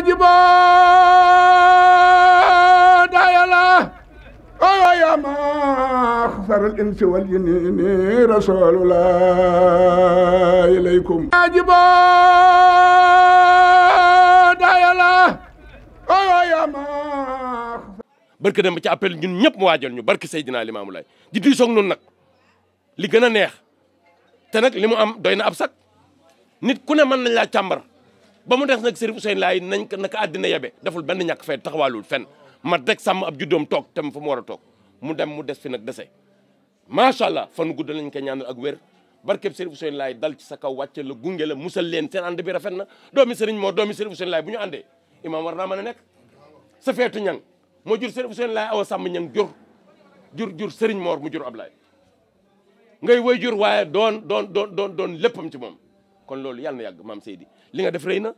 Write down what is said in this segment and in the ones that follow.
واجبا دايلا ويا ما خسر الانس والجن ci appel ñun ñëpp mu ñu barke Seydina Limaamu Laay di diisoog noonu nag li gën a neex te limu am doy na ab sac nit ku ne mën nañ laa càmbar ba mu des nag Serigne Ousseynou Laye nañ ko naka àddina yabe deful benn ñàkk fay taxawaalul fenn ma teg sàmm ab juddoom toog tam fa mu war a toog mu dem mu des fi nag dese macha allah fan gudd lañ ko ñaanal ak wér barkeb Serigne Ousseynou Laye dal ci sa kaw wàcce la gunge la musal leen seen ànd bi rafet na doomi Serigne moo doomi Serigne Ousseynou Laye bu ñu andee imaam war naa mën a nekk sa feetu ñang moo jur Serigne Ousseynou Laye awa sàmm ñang jur jur jur Serigne Mor mu jur Ablaye ngay woy jur waaye doon doon doon doon doon léppam ci moom kon loolu yàlla yàgg maam Seydi li nga def rëy na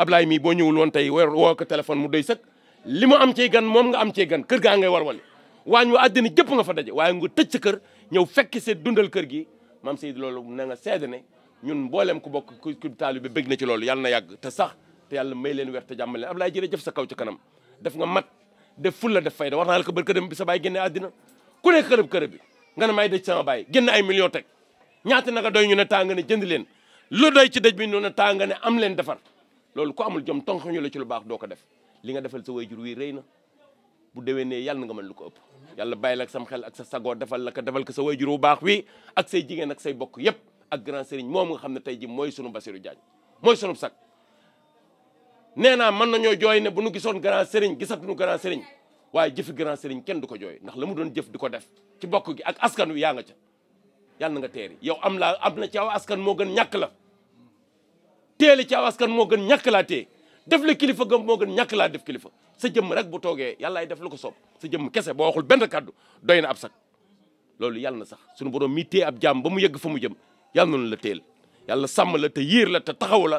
ab laay mii boo ñëwul woon tey woo ko téléphone mu doy sëkk li mu am cee gan moom nga am cee gan kër gaa ngay warwale waañ wa àddina jëpp nga fa daje waaye nga tëj sa kër ñëw fekk se dundal kër gi maam Seydi loolu na nga seede ne ñun mboolem ku bokk ku taalibe bi bëgg na ci loolu yàlla na yàgg te sax te leen weer te jàmm leen Ablaye jërëjëf sa kaw ci kanam def nga mat def fulla def fayda wax naa la ko bër kërëm bi sa baay génne àddina ku nekk kërëb kërëb bi nga ne may daj sama baay génn ay million teg ñaata a doy ñu ne tàng ne jënd leen lu doy ci dëj bi noonu taa nga ne am leen defar loolu ko amul jom tonxuñu la ci lu baax doo ko def li nga defal sa waajur wi rëy na bu déwénee yàlla nga mën lu ko ëpp yàlla bàyyi la ak sam xel ak sa sago defal la ko defal ko sa waajur wu baax wi ak say jigéen ak say bokk yépp ak grand sëriñ moom nga xam ne tey ji mooy sunu Bassirou Diagne mooy sunu sag nee naa mën nañoo jooy ne bu nu gisoon grand sëriñ nu grand sëriñ waaye jëfi grand kenn du ko jooy ndax la mu doon jëf di def ci bokk gi ak askan yaa nga ca yàlla nga teeri yow am laa am na ci aw askan moo gën ñàkk la téele ci aw askan moo gën ñàkk laa def la kilifa gëm moo gën ñàkk laa def kilifa sa jëmm rek bu toogee yàllaay def la ko soob sa jëmm kese boo waxul benn kàddu doy na ab sax loolu yàlla na sax suñu borom mii téye ab jaam ba mu yegg fa mu jëm yàlla noonu la teel yàlla sàmm la te yiir la te taxaw la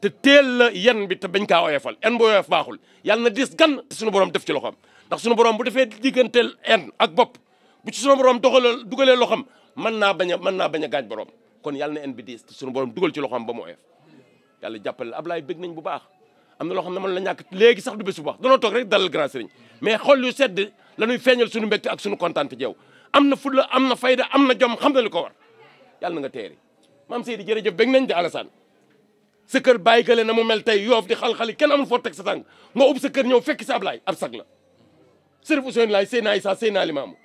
te teel la yen bi te bañ kaa oyofal en bu oyof baaxul yàlla na dis gan te suñu borom def ci loxoom ndax suñu borom bu defee digganteel en ak bopp bu ci suñu borom doxalal dugalee loxoom mën naa bañ a mën naa bañ a borom kon yàlla na en bi diis te suñu dugal ci loxoom ba mu yàlla jàppale la Ablaye bëgg nañ bu baax am na loo xam ne mën la ñàkk léegi sax du bés bu baax danoo toog rek dalal grand sëriñ mais xol yu sedd la ñuy feeñal suñu mbégte ak suñu kontaan ci yow am na fulla am na fayda am na jom xam na li ko war yàlla na nga teeri maam Seydi jërëjëf bëgg nañ di Alassane sa kër bàyyi kale na mu mel tey yoof di xal-xali kenn amul foo teg sa tànk nga ub sa kër ñëw fekk sa Ablaye ab sag la Serif Ousseynou Laye Seyna Issa Seyna Limamou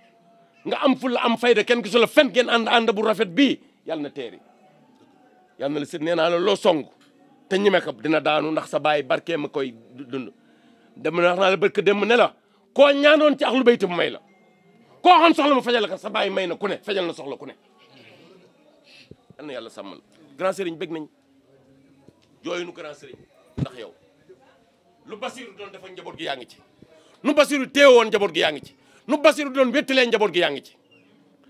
nga am fulla am fayda kenn gisu la fen ngeen ànd ànd bu rafet bii yàlla na teeri yàlla na la sit nee naa la loo song te ñeme ko dina daanu ndax sa baay barke ma koy dund dem na wax naa la barke dem ne la koo ñaanoon ci ahlu bayti mu may la koo xam soxla mu fajal ka sa baay may na ku ne fajal na soxla ku ne yal yàlla sàmm la grand nañ jooyu nu yow lu basiru doon dafa njaboot gi yaa ngi ci nu basiru teewoon njaboot gi yaa ngi ci nu basiru doon wéttalee njaboot gi yaa ngi ci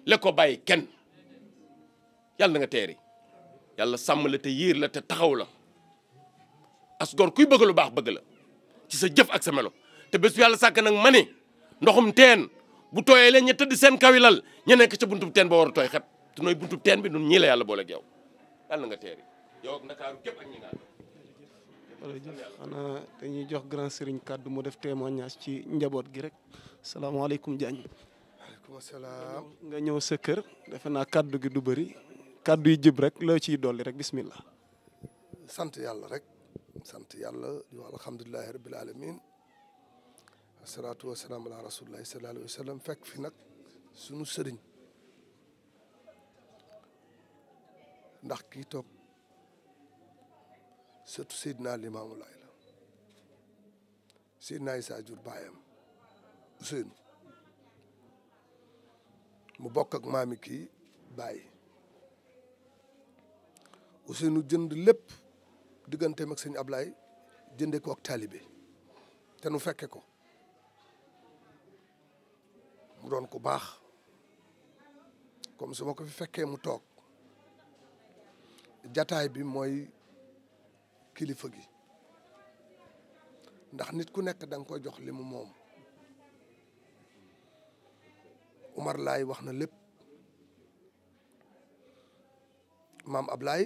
le ko kenn yàlla na nga teeri yàlla sàmm la te yiir la te taxaw la as gor kuy bëgg lu baax bëgg la ci sa jëf ak sa melo te bés bu yàlla sàkk nag ma ne ndoxum teen bu tooyee leen ña di seen kawilal ña nekk ca buntub teen ba war a tooy xet te nooy buntub teen bi nun ñii la yàlla booleeg yow yàlla nga teeri yow xanaa dañuy jox grand sëriñ kàddu mu def témoignage ci njaboot gi rek salaamaaleykum Diagne. waaleykum salaam nga ñëw sa kër defe naa kàddu gi du bari kàddu yi jib rek loo ciy dolli rek bismillah sant yàlla rek. sant yàlla di wax alhamdulilahi rabil alamin asalaatu wasalaam ala rasulilahi sallallahu alayhi wa sallam fekk fi nag sunu sëriñ ndax kii toog sëtu Seydina Limaamu Laay la Isaa jur baayam Useynu mu bokk ak maami kii bàyyi Useynu jënd lépp diggante mag sëñ ablaay jënde ko ak taalibe te nu fekke ko mu doon ku baax comme su ma ko fi fekkee mu toog jataay bi mooy kilifa gi ndax nit ku nekk da nga koy jox limu moom Umar Laay wax na lépp maam Ablaay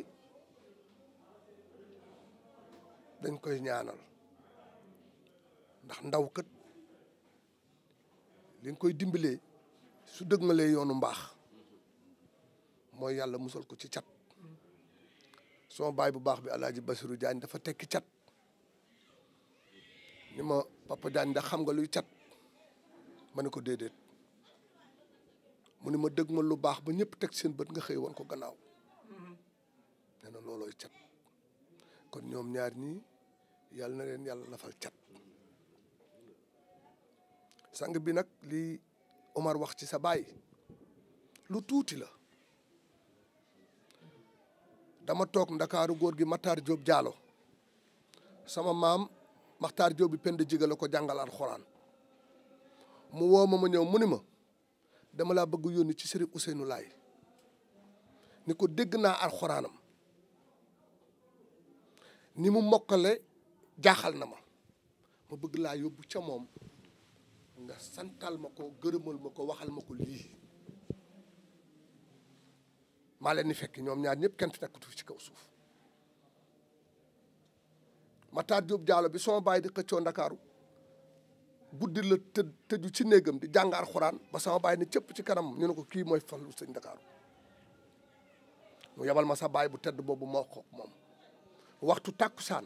dañ koy ñaanal ndax ndaw kët li nga koy dimbalee su dëgmalee yoonu mbaax mooy yàlla musal ko ci cat sama baay bu baax bi alaaji Basiru Jaañ dafa tekki cat ni ma papa Jaañ ndax xam nga luy cat ma ne ko déedéet mu ne ma dëgmal lu baax ba ñëpp teg seen bët nga xëy woon ko gannaaw mm-hmm. nee na loolooy cat kon ñoom ñaar nii yàlla na leen yàlla lafal cat sang bi nag li Omar wax ci sa baay lu tuuti la dama toog ndakaaru góor gi mataar jóob jaalo sama maam Matar Diop bi pend jiga la ko jàngal alxuraan mu woo ma ñëw mu ni ma dama laa bëgg yónni ci Serigne Ousseynou Laye ni ko dégg naa alxuraanam ni mu mokkale jaaxal na ma ma bëgg laa yóbbu ca moom nga santal ma ko gërëmal ma ko waxal ma ko lii maa leen ni fekk ñoom ñaar ñëpp kenn fi nekkatu ci kaw suuf Matar Diop Diallo bi sama baay di xëccoo Ndakaaru guddi la të tëju ci néegam di jàng alxuraan ba sama baay ne cëpp ci kanam ñu ne ko kii mooy fallu sëñ Ndakaaru mu yabal ma sa baay bu tedd boobu moo ko moom waxtu tàkkusaan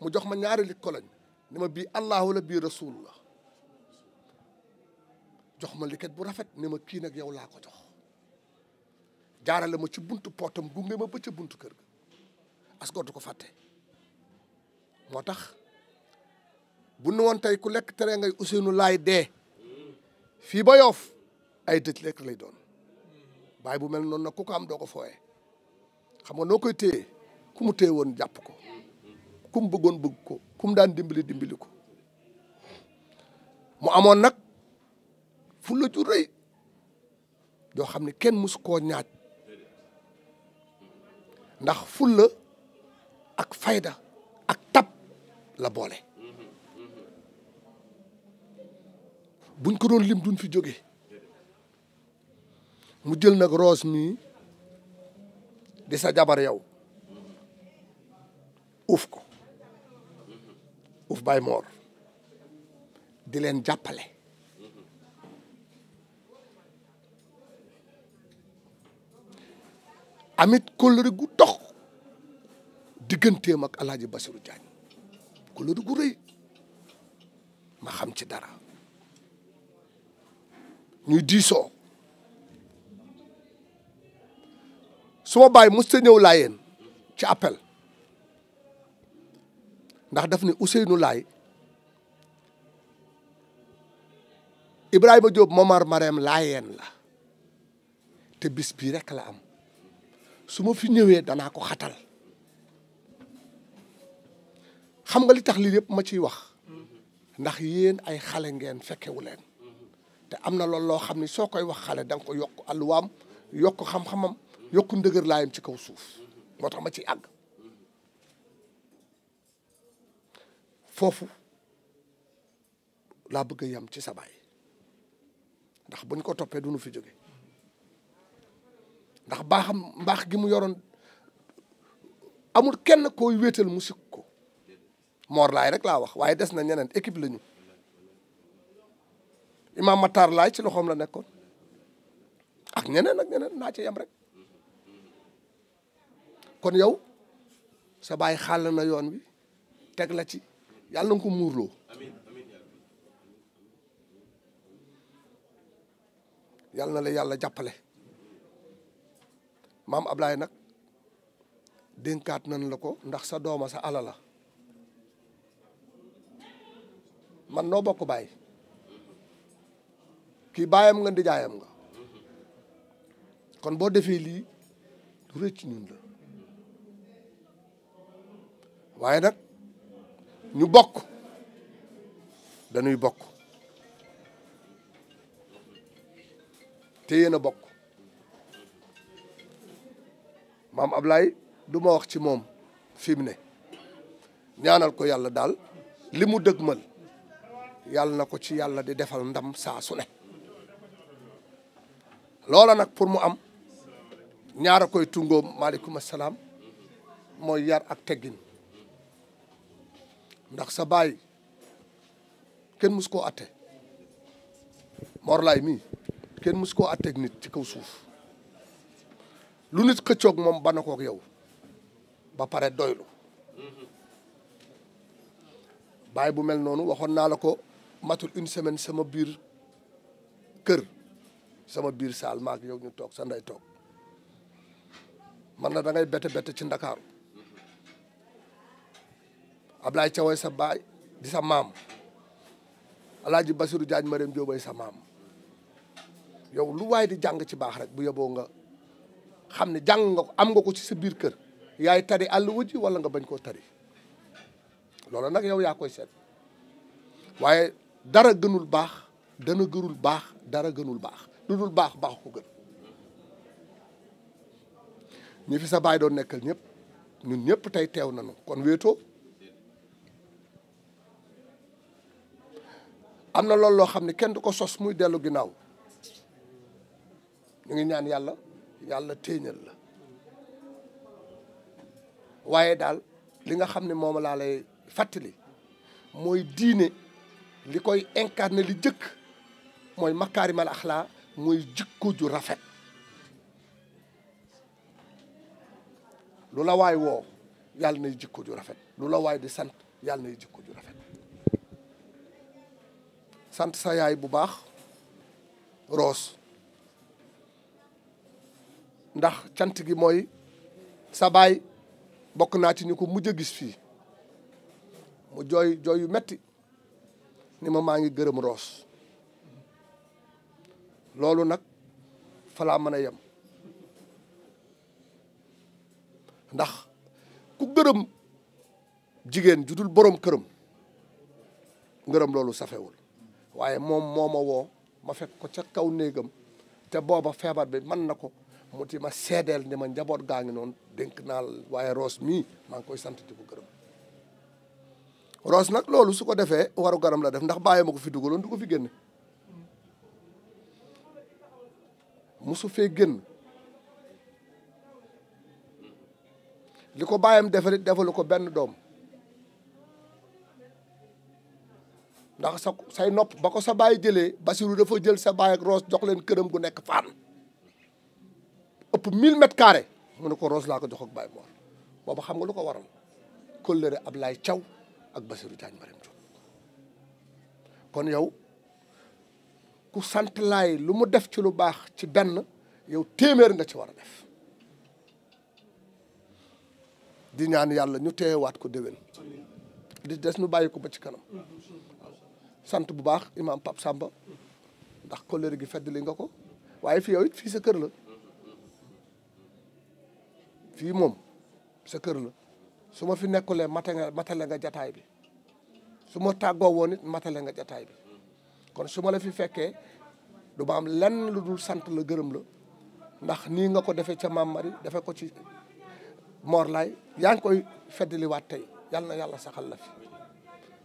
mu jox ma ñaari lit koloñ ni ma bii allahu la bii rasul jox ma liket bu rafet ni ma kii nag yow laa ko jox jaarale ma ci buntu pootam gunge ma ba ca buntu kër ga as ko fàtte moo tax bu nu woon tey ku lekk tere ngay Ousseynou laay dee fii ba yoof ay dëj lekk lay doon bàyyi bu mel noonu na ku ko am doo ko fooyee xam nga noo koy téye ku mu téye woon jàpp ko kum bëggoon bëgg ko kum daan dimbali dimbali ko mu amoon nag fulla ju rëy doo xam ne kenn mësu koo ñaaj ndax fulla ak fayda ak tab la boole buñ ko doon lim duñ fi jóge mu jël nag roos mii di sa jabar yow uuf ko Diouf Baye Mor di leen jàppale amit kóllëre gu dox digganteem ak El Hadj Bassirou Diagne kóllëre gu rëy ma xam ci dara ñuy diisoo suma baay mos ta ñëw ci appel. ndax daf ne Ousseynou Laay Ibrahima Diop Momar Marème Laayeen la te bis bii rek la am su ma fi ñëwee danaa ko xatal xam nga li tax lii yëpp ma ciy wax ndax yéen ay xale ngeen fekkewu te am na loolu loo xam ni soo koy wax xale da ko yokk alluwaam yokk xam-xamam yokk ndëgër laayam ci kaw suuf moo tax ma ci àgg foofu laa bëgg a yem ci sa baay ndax buñ ko toppee duñu fi jóge ndax baax mbaax gi mu yoroon amul kenn koy wéetal mu sikk ko moor laay rek laa wax waaye des na ñeneen équipe la ñu imaam Matar laay ci loxoom la nekkoon ak ñeneen ak ñeneen naa ci yem rek kon yow sa baay xàll na yoon wi teg la ci yàlla na nga ko muurloo yàlla na la yàlla jàppale maam Ablaye nag dénkaat nan la ko ndax sa dooma sa ala la man noo bokk baay kii baayam nga ndijaayam nga kon boo defee lii du rëcc ñun la waaye nag ñu bokk dañuy bokk te yéen bokk maam Ablaye du ma wax ci moom fi mu ne ñaanal ko yàlla daal li mu dëgmal yàlla na ko ci yàlla di defal ndam saa su ne loola nag pour mu am ñaara koy tungoom maaleykum salaam mooy yar ak teggin ndax sa baay kenn mus koo atte morlaay mii kenn mus koo atteeg nit ci kaw suuf lu nit xëccoog moom bana kook yow ba pare doylu baay bu mel noonu waxoon naa la ko matul une semaine sama biir kër sama biir saal maak yow ñu toog sa ndey toog man la da ngay bette bette ci ndakaar Ablaye Thiaw sa baay di sa maam Alaaji Basiru Jaañ Mariam Jóobay sa maam yow lu waay di jàng ci baax rek bu yeboo nga xam ne jàng nga ko am nga ko ci sa biir kër yaay tari àll wujji wala nga bañ koo tari loolu nag yow yaa koy set waaye dara gënul baax dana gënul baax dara gënul baax lu dul baax baax ko gën ñi fi sa baay doon nekkal ñëpp ñun ñëpp tey teew na nu kon wéetoo am na lool loo xam ne kenn du ko sos muy dellu ginnaaw ñu ngi ñaan yàlla yàlla téeñal la waaye daal li nga xam ne moom laa lay fàttali mooy diine li koy incarné li jëkk mooy makaari makaarimal axlaa mooy jikko ju rafet lu la waay woo yàlla nay jikko ju rafet lu la waay di sant yàlla nay jikko ju rafet sant sa yaay bu baax Roos ndax cant gi mooy sa baay bokk naa ci ñu ko mujj a gis fii mu jooy jooy yu metti ni ma maa ngi gërëm Roos loolu nag falaa mën a yem ndax ku gërëm jigéen ju dul boroom këram ngërëm loolu safewul waaye moom moo ma woo ma fekk ko ca kaw néegam te booba feebar bi mën na ko mu ti ma seedeel ni ma njaboot gaa ngi noonu dénk naa waaye Roos mii maa ngi koy sant di ko gërëm Roos nag loolu su ko defee waru garam la def ndax bàyyi ma ko fi dugaloon du ko fi génne musu fee génn li ko bàyyam defarit defalu ko benn doom ndax sa say nopp ba ko sa baay jëlee Basiru dafa jël sa baay ak Roos jox leen këram gu nekk faan ëpp 1000 mètres carrés mu ne ko Roos laa ko jox ak baay Mor booba xam nga lu ko waral kóllëre Ablaye caw ak Basiru Diagne Marème Diop kon yow ku sant laay lu mu def ci lu baax ci benn yow téeméer nga ci war a def di ñaan yàlla ñu teewaat ko déwén di des ñu bàyyi ko ba ci kanam sant bu baax imaam Pape Samba ndax kóllëre gi fedd nga ko waaye fii yow fii sa kër la fii moom sa kër su ma fi nekkulee mate nga matale nga jataay bi su ma tàggoo woon it matale nga jataay bi kon su ma la fi fekkee du ma am lenn lu dul sant la gërëm la ndax nii nga ko defee ca Mame Marie defee ko ci Mor Laye yaa ngi koy feddliwaat tey yàlla na yàlla saxal la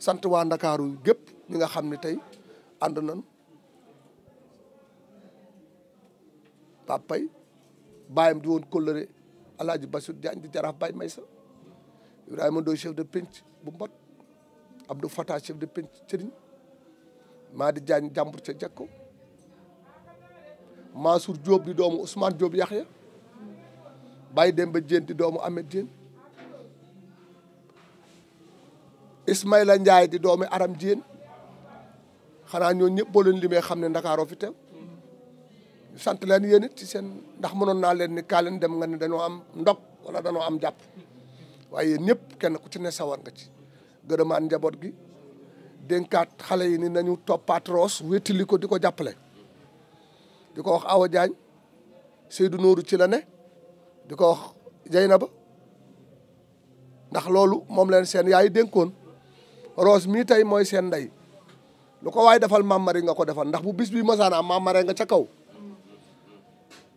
sant waa ndakaaru gépp ñi nga xam ne tey ànd nañ papay baayam di woon kóllëre ba Bassirou Diagne di jaraaf Baye Maysa Ibrahima Ndoye chef de penc bu mbot Abdou Fata chef de penc cëriñ maa di Diagne jàmbur ca jakko Mansour Diop di doomu Ousmane Diop Yaxya Baye Demba Diène di doomu Ahmed Diène Ismaïla Ndiaye di doomi aram jiyén xanaa ñooñu ñëpp boo leen limee xam ne ndakaaroo fi teew sant leen yéen it ci seen ndax mënoon naa leen ni kaa leen dem nga ne dañoo am ndog wala dañoo am jàpp waaye yéen ñëpp kenn ku ci ne sawar nga ci gërëmaan njaboot gi dénkaat xale yi ni nañu toppaat roos wéttili ko di ko jàppale di ko wax Awa Diagne Seydou Nourou ci la ne di ko wax ba ndax loolu moom leen seen yaay dénkoon Rose mii tey mooy seen ndey lu ko waaye defal Mame Marie nga ko defal ndax bu bis bi ma am Mame Marie nga ca kaw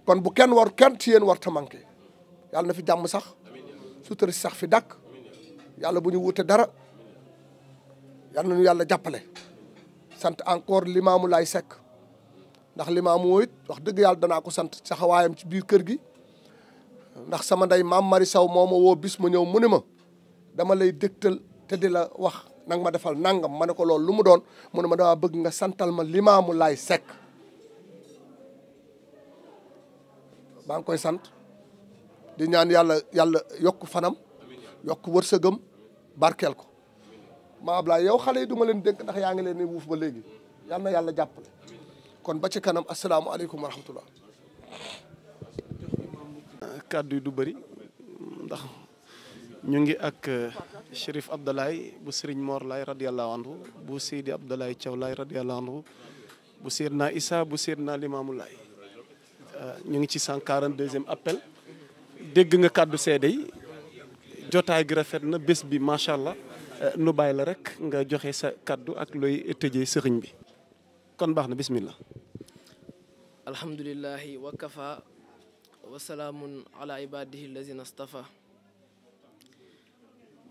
kon bu kenn war kenn ci yéen war ta manqué yàlla na fi jàmm sax sutura si sax fi dàkk yàlla bu ñu wute dara yàlla nañu yàlla jàppale sant encore limaamu laay sekk ndax limaamu it wax dëgg yàlla danaa ko sant saxawaayam ci biir kër gi ndax sama ndey Mame Marie Sow moo ma woo bis ma ñëw mu ne ma dama lay dégtal te di la wax nanga ma defal nangam ma ne ko loolu lu mu doon mu ne ma dama bëgg nga santal ma Limaamu Laay sekk maa ngi koy sant di ñaan yàlla yàlla yokk fanam yokk wërsëgam barkeel ko maa Ablaay yow xale yi duma leen dénk ndax yaa ngi leen ni wuuf ba léegi yal na yàlla jàppale kon ba ci kanam asalaamaaleykum wa rahmatullah kàddu yi du bari ndax ñu ngi ak Chérif Abdoulaye bu Serigne Mor Laye radiyallahu anhu bu Seydi Abdoulaye Thiaw Laye radiyallahu anhu bu Seydina Issa bu Seydina Limamou Laye euh, ñu ngi ci cent quarante deuxième appel dégg nga kàddu seede yi jotaay gi rafet na bés bi macha allah euh, nu bàyyi la rek nga joxe sa kàddu ak looy tëjee sëriñ bi kon baax na bismillah alhamdulillahi wa kafa wa salaamun ala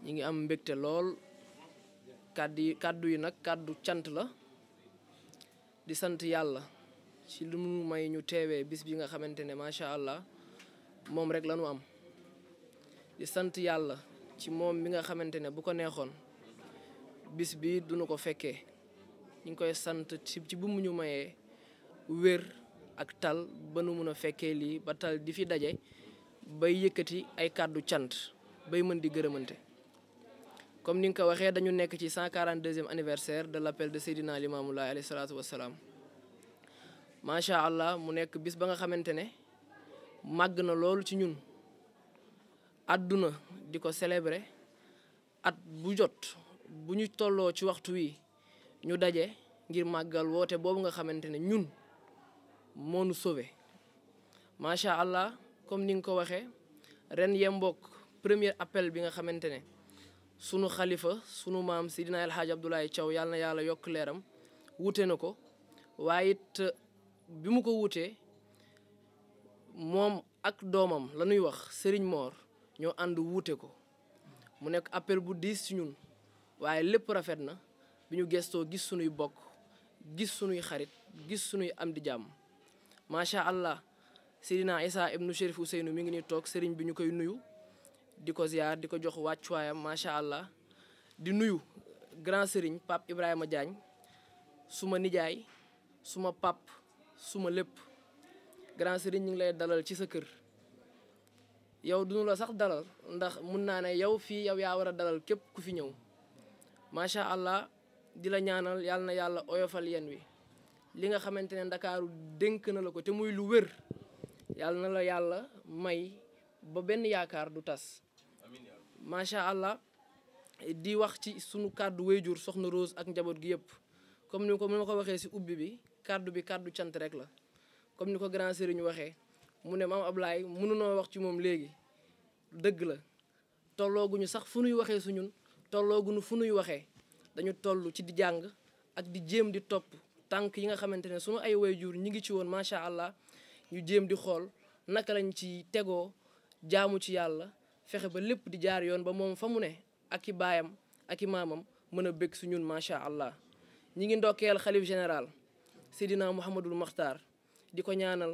ñu ngi am mbégte lool kàddu yi kàddu yi nag kàddu cant la di sant yàlla ci lu mu may ñu teewee bis bi nga xamante ne macha allah moom rek la ñu am di sant yàlla ci moom bi nga xamante ne bu ko neexoon bis bi duñu ko fekkee ñu ngi koy sant ci bu ñu mayee wér ak tal ba nu mun a fekkee lii ba tal di fi daje bay yëkkati ay kàddu cant bay mën di gërëmante comme ni nga ko waxee dañu nekk ci cent 142e anniversaire de l'appel de Seydina Limamou Laye alayhi salaatu wassalaam allah mu nekk bis ba nga xamante ne màgg na loolu ci ñun àdduna di ko célébrer at bu jot bu ñu tolloo ci waxtu wi ñu daje ngir màggal woote boobu nga xamante ne ñun moo nu sauvé macha allah comme ni nga ko waxee ren yemboog premier appel bi nga xamante ne. sunu xalifa sunu maam Sidina El Hadj Abdoulaye Thiaw yàlla na yàlla yokk leeram wuute na ko waaye it uh, bi mu ko wuutee moom ak doomam la ñuy wax Serigne moor ñoo ànd wuute ko mu nekk appel bu diis ci ñun waaye lépp rafet na bi ñu gestoo gis sunuy bokk gis sunuy xarit gis sunuy am di jàmm macha allah Sidina Isa ibnu Chérif Ousseynou mu ngi ni toog seriñ bi ñu koy nuyu di ko ziar di ko jox wàccuwaayam macha allah di nuyu grand sëriñ Pape Ibrahima Diagne suma nijaay suma pap suma lépp grand sëriñ ñu ngi lay dalal ci sa kër yow duñu la sax dalal ndax mun naa ne yow fii yow yaa war a dalal képp ku fi ñëw macha allah di la ñaanal yàlla na yàlla oyofal yen wi li nga xamante ne ndakaaru dénk na la ko te muy lu wér yàlla na la yàlla may ba benn yaakaar du tas macha allah di wax ci sunu kàddu jur soxna Rose ak njaboot gi yëpp comme ni ko ni ma ko waxee si ubbi bi kàddu bi kàddu cant rek la comme ni ko grand ñu waxee mu ne maam Ablaye mënunoo wax ci moom léegi dëgg la tollooguñu sax fu nuy waxee su ñun tollooguñu fu nuy waxee dañu toll ci di jàng ak di jéem di topp tànk yi nga xamante ne sunu ay jur ñi ngi ci woon macha allah ñu jéem di xool naka lañ ci tegoo jaamu ci yàlla fexe ba lépp di jaar yoon ba moom fa mu ne ak i baayam ak i maamam mën a bëgg su ñun macha allah ñi ngi ndokkeel xalif général Seydina Mouhamadul Makhtar di ko ñaanal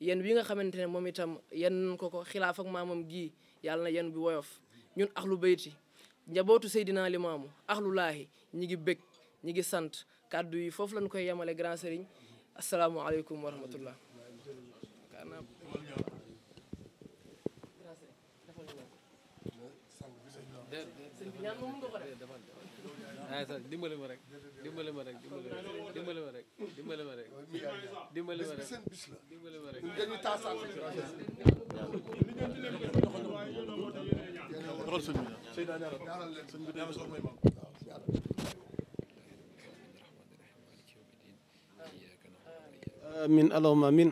yen wi nga xamante ne moom itam yan nañ ko ko xilaaf maamam gii yàlla na yen bi woyof ñun ak axlu bayti njabootu Seydina Limaamu axlu laahi ñi ngi bëgg ñi ngi sant kàddu yi foofu lañ koy yemale grand sëriñ asalaamualeykum wa rahmatullah ñaan moom du ko def ah sax dimbali ma rek dimbali ma rek dimbali ma rek dimbali ma rek dimbali ma rek seen bis la dimbali ma rek dañuy taasaan doxal sëñ bi sëñ bi ñaanal leen sëñ bi dañu soxla may maam amin allahumma amin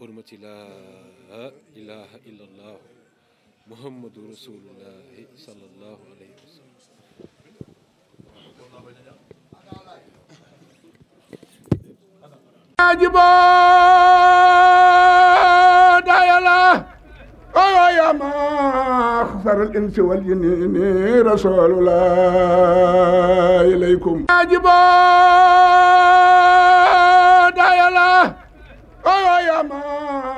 hurmati laa ilaha illa allah muhammadu rasulullahi sallallahu alayhi wa sallam ajibo dayala awa ya ma khasar al insi wal jinni rasulullah ilaykum ajibo ma